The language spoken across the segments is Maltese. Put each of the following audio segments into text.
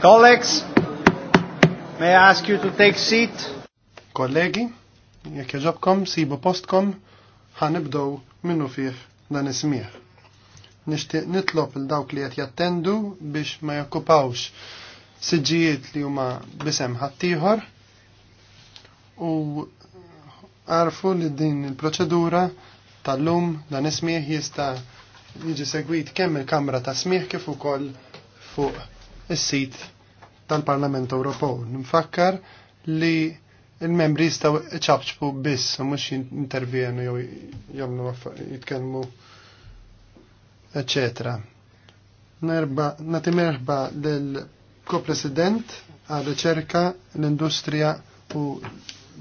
Colleagues, may I ask you to take seat? Kollegi, jekk jeġobkom, sibu postkom, ħanibdow minnu fih dan ismiħ. Nishtiq nitlob il dawk li qed jattendu biex ma jokkupawx siġijiet li huma bisem ħaddieħor u għarfu li din il-proċedura tal-lum dan ismiħ jista' jiġi segwit kemm il-kamra ta' smiħ kif ukoll fuq is-sit tal-Parlament Ewropew. Nfakkar li il-membri jistgħu ċabċbu biss, u mhux jintervjenu jew jagħmlu jitkellmu eccetera. Nerba, nati merħba l-ko-president għal riċerka l-industrija u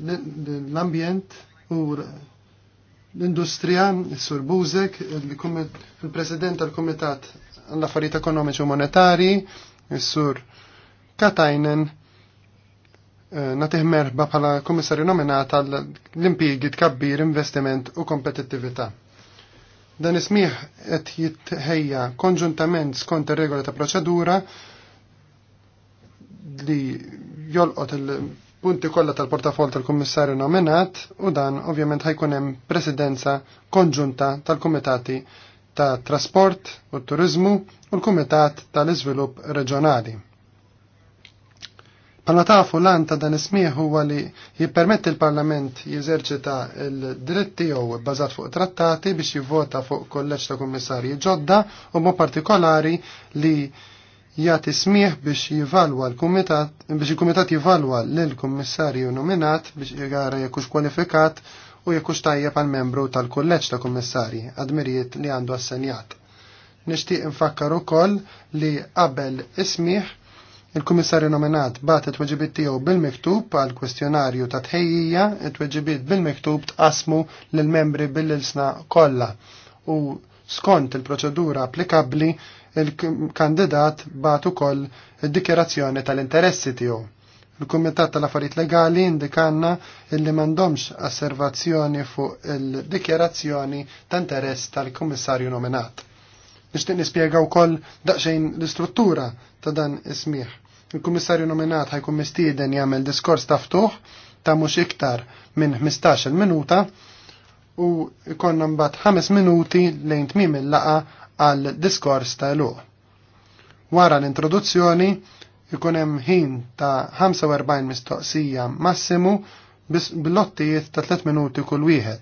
l-ambjent u l-industrija, s-sur Buzek, il-president tal-komitat għall-affarijiet ekonomiċi u monetari, s-sur Katajnen eh, natih merħba bħala komissarju nominata l-impigi tkabbir investiment u kompetittività. Dan ismiħ qed jitħejja konġuntament skont ir-regola ta' proċedura li jolqot il-punti kollha tal-portafol tal-kummissarju nominat u dan ovvjament ħajkun hemm presidenza konġunta tal-kumitati ta' trasport u turizmu u l-kumitat tal-iżvilupp reġjonali Għanna tafu lan ta' dan ismiħ huwa li jippermetti l-Parlament jeżerċita l-dritti jew bazat fuq trattati biex jivvota fuq kolleġġ ta' kummissarji ġodda u mo partikolari li jgħat ismiħ biex jivalwa l-kumitat biex il-kumitat jivalwa lil kummissarju nominat biex jgħara jekux kwalifikat u jekux tajjeb għal membru tal kolleċ ta' kummissarji għadmirijiet li għandu assenjat. Nixtieq infakkar ukoll li qabel ismiħ Il-Kummissarju nominat bat it-tweġibit tiegħu bil-miktub għal kwestjonarju ta' tħejjija, it-tweġibit bil-miktub tqasmu lill-membri bil-ilsna kollha u skont il-proċedura applikabbli il-kandidat bat ukoll id-dikjerazzjoni tal-interessi tiegħu. Il-Kumitat tal-Affarijiet Legali indikanna illi m'għandhomx asservazzjoni fuq il-dikjerazzjoni ta' interess tal-Kummissarju nominat. Nixtieq nispjega wkoll daqsxejn l-istruttura ta' dan ismiħ. Il-Kummissarju nominat ħajkun mistieden jagħmel diskors taftuħ ta' mhux iktar minn 15-il minuta u ikonna mbagħad 5 minuti lejn tmiem il-laqa għal diskors ta' luq. Wara l-introduzzjoni ikun hemm ħin ta' 45 mistoqsija massimu bil-lottijiet ta' 3 minuti kull wieħed,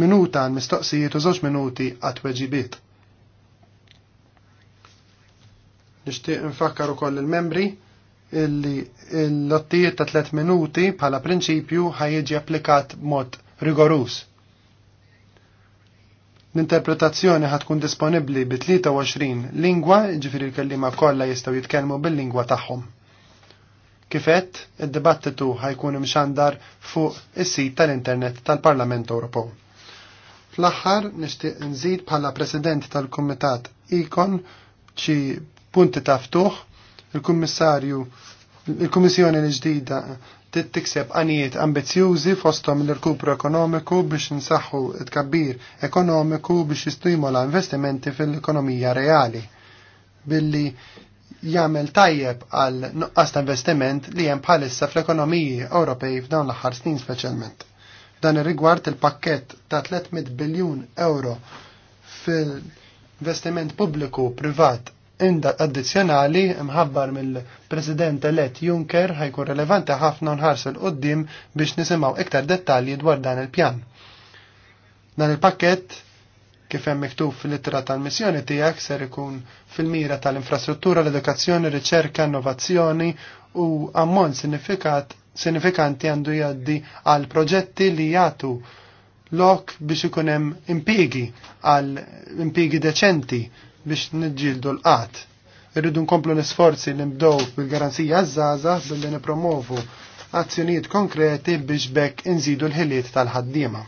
minuta għal mistoqsijiet u 2 minuti għat weġibiet. Nixtieq infakkar ukoll il-membri illi l-lottijiet ta' 3 minuti bħala prinċipju ħajjiġi applikat mod rigorus. L-interpretazzjoni ħatkun disponibbli bi 23 lingwa, ġifiri l-kellima kollha jistgħu jitkellmu bil-lingwa tagħhom. Kifet, id-dibattitu ħajkun imxandar fuq is-sit tal-Internet tal-Parlament Ewropew. Fl-aħħar nixtieq nżid bħala President tal-Kumitat Ikon ċi punti ta' ftuħ, il-Kummissarju, il-Kummissjoni l-ġdida tikseb għanijiet ambizjużi fostom l-irkupru ekonomiku biex nsaħħu tkabbir ekonomiku biex jistimola investimenti fil-ekonomija reali billi jagħmel tajjeb għal nuqqas ta' investiment li hemm bħalissa fl-ekonomiji Ewropej f'dawn l-aħħar snin speċjalment. Dan ir-rigward il-pakkett ta' 300 biljun euro fil-investiment pubbliku privat inda addizzjonali mħabbar mill-President elett Juncker ħajkun relevanti ħafna nħarsu l-qoddim biex nisimaw iktar dettalji dwar dan il-pjan. Dan il-pakket kif hemm miktub fil-ittra tal-missjoni tiegħek ser ikun fil-mira tal-infrastruttura, l-edukazzjoni, riċerka, innovazzjoni u ammont sinifikanti għandu jgħaddi għal proġetti li jagħtu lok biex ikun hemm impigi għal impigi deċenti biex nġildu l-qat. Irridu nkomplu nisforzi li nibdow bil-garanzija għazzaza billi nipromovu azzjonijiet konkreti biex bekk inżidu l-ħiliet tal-ħaddiema.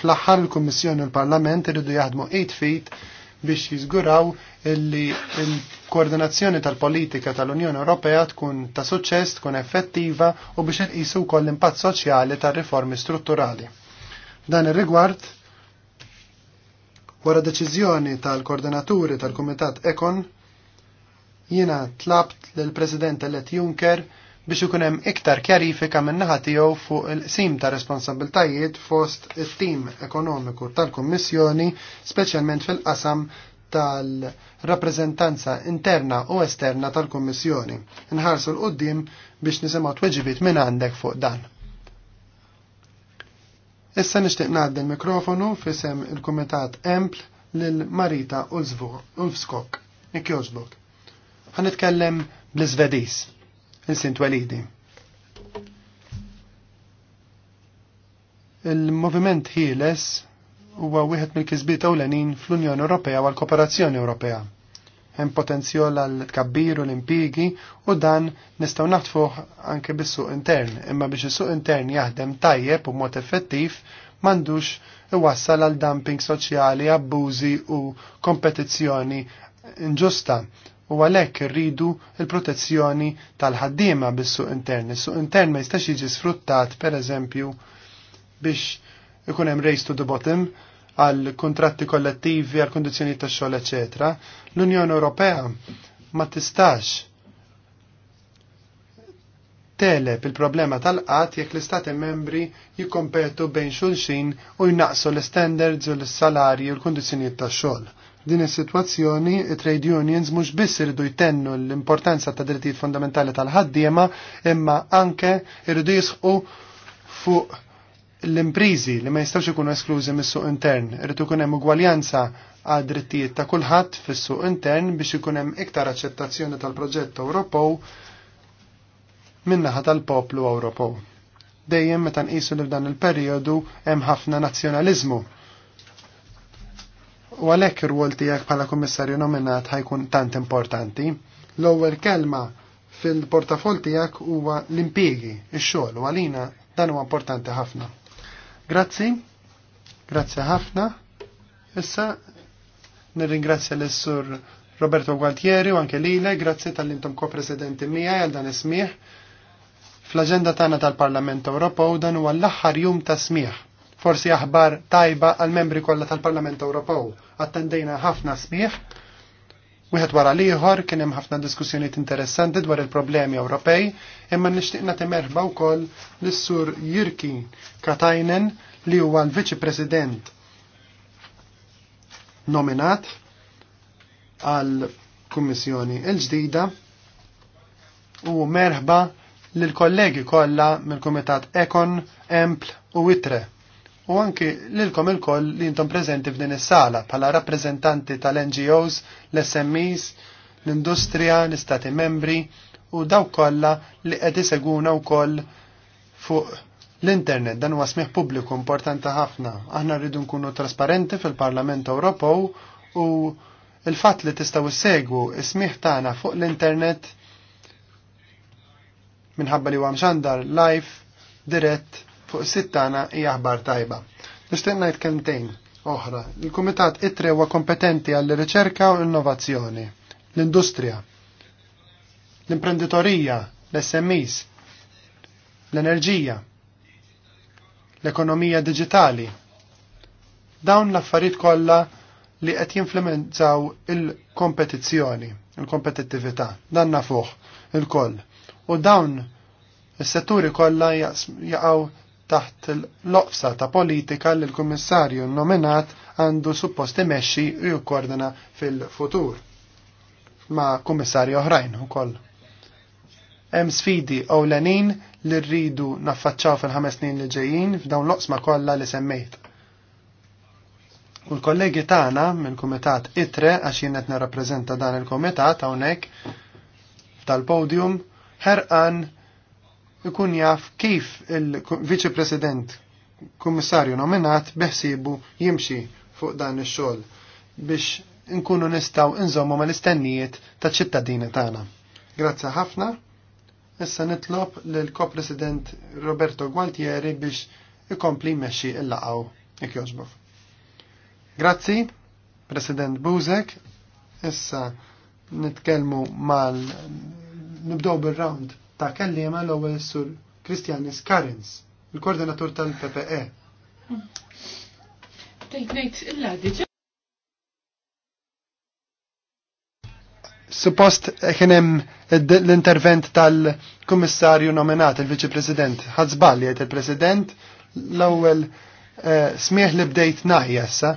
Fl-aħħar il-Kummissjoni u l-Parlament irridu jaħdmu 8 fit biex jiżguraw li l-koordinazzjoni tal-politika tal-Unjoni Ewropea tkun ta' suċċess, tkun effettiva u biex irqisu wkoll l-impatt soċjali tar-riformi strutturali. Dan ir-rigward Wara deċiżjoni tal-koordinaturi tal-Kumitat Ekon, jiena tlabt lill-President elett Juncker biex ikun hemm iktar kjarifika minn naħa tiegħu fuq il-qsim ta' responsabiltajiet fost it-tim ekonomiku tal-Kummissjoni, speċjalment fil-qasam tal-rappreżentanza interna u esterna tal-Kummissjoni. Inħarsu l-qoddim biex nisimgħu tweġibiet minn għandek fuq dan. Issa nixtieq ngħaddi l-mikrofonu fisem il-Kumitat Empl lil Marita Ulfskok. Nik joġbok. Ħanitkellem bl-Iżvedis, il-Sint Walidi. Il-moviment Hiles huwa wieħed mill-kisbiet ewlenin fl-Unjoni Ewropea u l-Kooperazzjoni Ewropea hemm potenzjol għal tkabbir u l-impigi u dan nistgħu naħtfuh anke bis-suq intern, imma biex is-suq intern jaħdem tajjeb u mod effettiv m'għandux iwassal għal dumping soċjali, abbużi u kompetizzjoni inġusta u għalhekk irridu il-protezzjoni tal-ħaddiema bis-suq intern. Is-suq intern ma jistax jiġi sfruttat pereżempju biex ikun hemm race to the bottom għal kontratti kollettivi, għal kondizjoni ta' xogħol, eċetera, l-Unjoni Ewropea ma tistax teleb il-problema tal-qat jekk l-istati membri jikkompetu bejn xulxin u jnaqsu l-standards u l-salarji u l kondizjoni ta' xogħol. Din is-sitwazzjoni, trade unions mhux biss irridu jtennu l-importanza ta' drittijiet fundamentali tal-ħaddiema, imma anke irridu jisħu fuq l-imprizi li ma jistawx ikunu esklużi mis-suq intern, irid ikun hemm ugwaljanza għad drittijiet ta' kulħadd fis-suq intern biex ikun hemm iktar aċċettazzjoni tal-proġett Ewropew min-naħa tal-poplu Ewropew. Dejjem meta nqisu li f'dan il-perjodu hemm ħafna nazzjonaliżmu. U għalhekk ir-rwol tiegħek bħala kummissarju nominat ħajkun tant importanti. L-ewwel kelma fil-portafol tiegħek huwa l-impjiegi, ix-xogħol u għalina dan huwa importanti ħafna. Grazzi, grazzi ħafna. Issa nirringrazzja l-Sur Roberto Gualtieri u anke lile, grazzi tal-intom ko-presidenti miegħi għal dan ismieħ. Fl-aġenda tagħna tal-Parlament Ewropew dan huwa l-aħħar jum ta' smieħ. Forsi aħbar tajba għal membri kollha tal-Parlament Ewropew. Attendejna ħafna smieħ Wieħed wara l-ieħor kien hemm ħafna diskussjonijiet interessanti dwar il-problemi Ewropej, imma nixtieq nagħti merħba wkoll lis-sur Jirki Katajnen li huwa l-Viċi President nominat għall kummissjoni l-ġdida u merħba lill kollegi kollha mill-Kumitat Ekon, Empl u Itre u anki lilkom il-koll li jintom prezenti f'din is-sala bħala rappreżentanti tal-NGOs, l-SMEs, l-industrija, l-istati membri u daw kollha li qed iseguna wkoll fuq L-internet dan huwa smieħ pubbliku importanti ħafna. Aħna rridu nkunu trasparenti fil-Parlament Ewropew u il-fatt li tistgħu issegwu smieħ tagħna fuq l-internet minħabba li huwa mxandar live dirett fuq sittana hija tajba. Nixtieq ngħid oħra. Il-Kumitat ITRE huwa kompetenti għall riċerka u innovazzjoni, l-industrija, l-imprenditorija, l smis l-enerġija, l-ekonomija digitali. Dawn l-affarijiet kollha li qed jinfluenzaw il-kompetizzjoni, il-kompetittività, dan nafuh il-koll. U dawn is-setturi kollha jaqgħu taħt l-oqsa ta' politika li l-Kummissarju nominat għandu suppost imexxi u jikkordina fil-futur ma' kummissarju oħrajn ukoll. Hemm sfidi ewlenin li rridu naffaċċaw fil-ħames snin li ġejjin f'dawn l-oqsma kollha li semmejt. U l-kollegi tagħna mill-Kumitat ITRE għax jien qed nirrappreżenta dan il-Kumitat hawnhekk tal-podium ħerqan ikun jaf kif il-Viċi President Kummissarju nominat beħsibu jimxi fuq dan ix-xogħol biex nkunu nistgħu inżommu mal-istennijiet taċ ċittadini tagħna. Grazzi ħafna. Issa nitlob lil ko-President Roberto Gualtieri biex ikompli jmexxi il laqaw jekk jogħġbok. Grazzi, President Buzek. Issa nitkellmu mal nibdew bir-round ta' kellima l-ewwel sur Kristjanis Karins, il-koordinatur tal-PPE. Suppost kien hemm l-intervent tal-kummissarju nominat il-Viċi President. Ħadd żballi il-President l-ewwel eh, smieħ li bdejt naħi issa